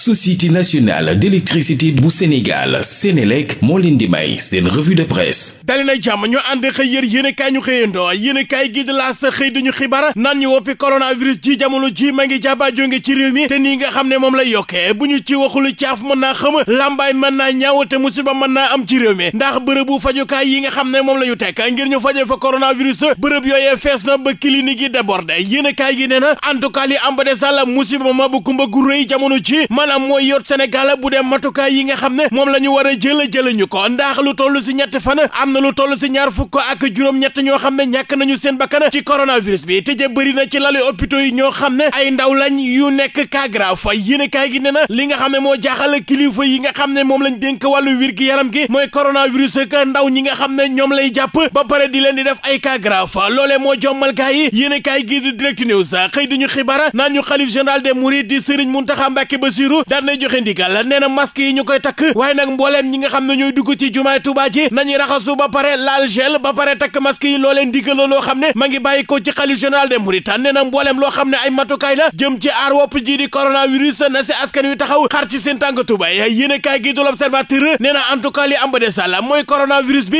société nationale d'électricité bu Sénégal Sénélec moo leen di may seen revue de presse dali na jàmm ñu ànd xëy yër yéenekaay ñu xëyandoo yéenekaay gi di L'As xëy duñu xibaar naan ñu woppi coronavirus ji jamono ji ma ngi jàbbaa jónge ci réew mi te nii nga xam ne moom lay yokkee bu ñu ci waxulu caaf mën naa xam lambaay mën naa ñaaw te musiba mën naa am ci réew mi ndax bërëbu fajukaay yi nga xam ne moom la ñu tekk ngir ñu fajee fa coronavirus bërëb yooyee fees na ba clinique yi débordé yéenekaay na en tout cas li ba de sàlla musiba ma bu kumba gu jamono ji man na mooy yoot Sénégal bu dee matukaay yi nga xam ne moom la ñu war a jëla jëla ñu ko ndax lu toll si ñetti fan am na lu toll si ñaar fukk ak juróom-ñett ñoo xam ne ñàkk nañu seen bakkan ci coronavirus bi tëje bëri na ci lalu hôpitaux yi ñoo xam ne ay ndaw lañ yu nekk cas grave yéen kaay gi ne na li nga xam ne moo jaaxal kilifa yi nga xam ne moom lañ dénk wàllu wér gi yaram gi mooy coronavirus ak ndaw ñi nga xam ne ñoom lay jàpp ba pare di leen di def ay cas grave loole moo jommal gaa yi yéen kaay gi di direct news xëy diñu xibaar naan ñu xalif général des mourides di Serigne Mountakha Mbacké Bassirou Diop daan nay a ndigal nee na masque yi ñu koy takk waaye nag mbooleem ñi nga xam ne ñooy dugg ci jumaay Tuubaa ji nañuy raxasu ba laal gel ba takk masque yi loolee ndigal la loo ne ma ngi bàyyi ko ci xalif général des mourides nee na mbooleem loo ne ay matukaay la jëm ci aar wopp ji di coronavirus na si askan wi taxaw xar ci seen tànk Tuubaa yéen a kaay gi du l'Observateur nee na en bi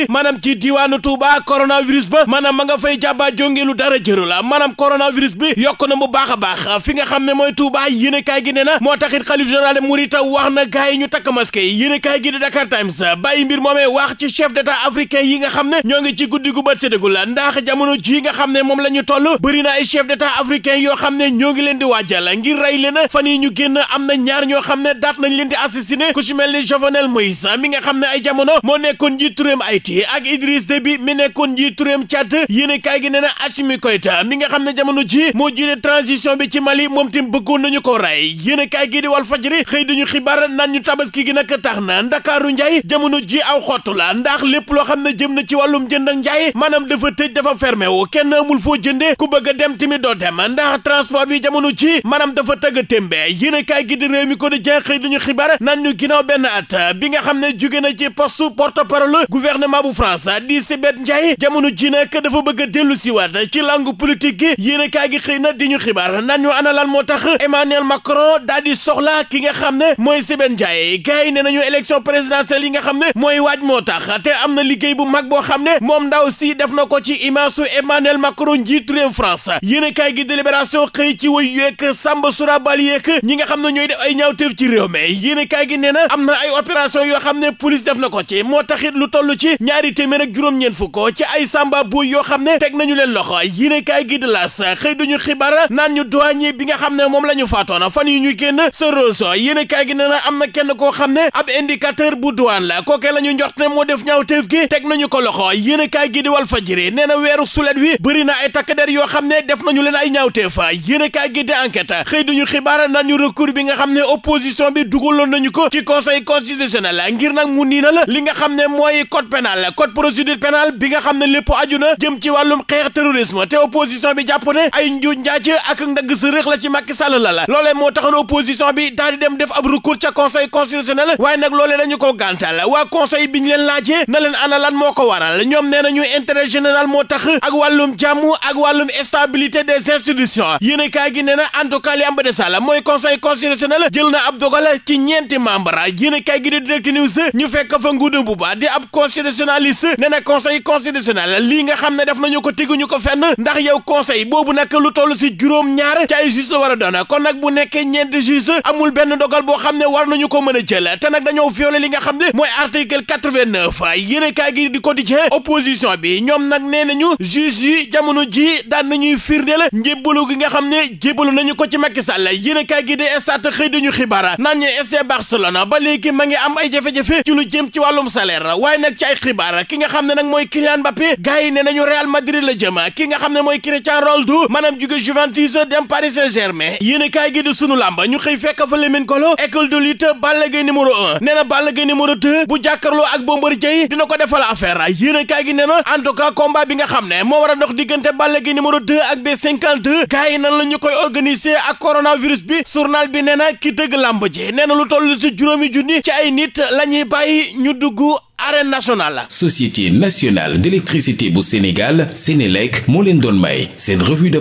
maanaam ci ma nga fay jàbbaa jongeelu dara jëru la maanaam na a baax fi nga xam a général de Mourita wax na gaay yi ñu takk masque yi yéenekaay gi di Dakar Times bàyyi mbir moomee wax ci chef d'état africain yi nga xam ne ñoo ngi ci guddi gu bët séddagul la ndax jamono ji nga xam ne moom la ñu toll bëri na ay chef d'état africain yoo xam ne ñoo ngi leen di wàajal ngir rey leen fan yi ñu génn am na ñaar ñoo xam ne daat nañ leen di assassiné ku ci mel ni Jovenel Moïse mi nga xam ne ay jamono moo nekkoon njiitu réewum Haïti ak Idriss Déby mi nekkoon njiitu réewum Tchad yéenekaay gi nee na Assimi Koïta mi nga xam ne jamono ji moo jiite transition bi ci Mali moom tim bëggoon nañu ko rey yéenekaay Walfadjri xëy dañu xibaar nan ñu tabaski gi nag tax na ndakaaru njaay jamono ji aw xottu la ndax lépp loo xam ne jëm na ci wàllum jënd ak njaay maanaam dafa tëj dafa fermé wu kenn amul foo jënde ku bëgg a dem tamit doo dem ndax transport bi jamono ji maanaam dafa tëgg témbe yéen kaay gi di réew mi ko di jeex xëy dañu xibaar naan ñu ginnaaw benn at bi nga xam ne jóge na ci poste porte-parole gouvernement bu France di Sibeth Ndiaye jamono ji na dafa bëgg a dellu siwaat ci langue politique gi yéen gi xëy na di ñu xibaar naan ñu ana lan moo tax Emmanuel Macron daal di soxla ki nga xam ne mooy Sibène Ndiaye gars yi ne nañu élection présidentielle yi nga xam ne mooy waaj moo tax te am na liggéey bu mag boo xam ne moom ndaw si def na ko ci image su Emmanuel Macron njiitu réew France yéen kaay gi délibération xëy ci woy yeeg Samba Sourabal yeeg ñi nga xam ne ñooy def ay ñaawteef ci réew mi yéen gi nee na am na ay opération yoo xam ne polis def na ko ci moo taxit lu toll ci ñaari téeméer ak juróom-ñeent fukk ci ay samba buy yoo xam ne teg nañu leen loxo yéen gi de las xëy duñu xibaar naan ñu douanier bi nga xam ne moom la ñu faatoon fan yu ñu génn Soros Bousso yéen kaay gi nee na am na kenn koo xam ne ab indicateur bu douane la kookee la ñu njort ne moo def ñaaw teef gi teg nañu ko loxo yéen kaay gi di wal fajiri nee na weeru sulet wi bëri na ay takk der yoo xam ne def nañu leen ay ñaaw teef yéen kaay gi di enquête xëy duñu xibaara naan ñu recours bi nga xam ne opposition bi dugaloon nañu ko ci conseil constitutionnel ngir nag mu nii na la li nga xam ne mooy code pénal code procédure pénale bi nga xam ne lépp aju na jëm ci wàllum xeex terrorisme te opposition bi jàpp ne ay njuuj njaac ak ndagg la ci Macky Sall la la loolee moo taxoon bi daal di dem def ab recours ca conseil constitutionnel waaye nag loolee dañu ko gàntal waa conseil bi ñu leen laajee na leen ana lan moo ko waral ñoom nee nañu intérêt général moo tax ak wàllum jàmm ak wàllum stabilité des institutions yéen kaay gi nee na en tout cas li am mooy conseil constitutionnel jël ab dogal ci ñeenti membre yéen kaay gi di direct news ñu fekk fa nguudu bu ba di ab constitutionnaliste ne def nañu ko tiguñu ko fenn ndax yow conseil boobu nag lu toll si juróom ñaar ci ay juge la war a bu nekkee ñeenti juge amul amul benn dogal boo xam ne war nañu ko mën a jël te nag dañoo violé li nga xam ne mooy article quatre-vingt-neuf yéenekaay gi di quotidien opposition bi ñoom nag nee nañu juge yi ji daan nañuy firndeel njébbalu gi nga xam ne jébbalu nañu ko ci Macky Sall yéenekaay gi di Stades xëy dañu xibaar naan ñu FC Barcelone ba léegi ma ngi am ay jafe-jafe ci lu jëm ci wàllum salaire waaye nag ci ay xibaar ki nga xam ne nag mooy Kylian Mbappé gars yi nee nañu Real Madrid la jëm ki nga ne mooy Cristiano Ronaldo maanaam jóge Juventus Lamine Golo école de lutte Balla Gaye numéro un nee na Balla Gaye numéro deux bu jàkkarloo ak Bombardier dina ko defal affaire yéen a kaay gi nee na en tout cas combat bi nga xam ne moo war a dox diggante Balla Gaye numéro deux ak B52 gars nan la ñu koy organisé ak coronavirus bi journal bi nee na ki dëgg làmb ji nee na lu toll ci juróomi junni ci ay nit lañuy ñuy bàyyi ñu dugg arène nationale la. société nationale d'électricité bu Sénégal Sénélec moo leen doon may seen revue de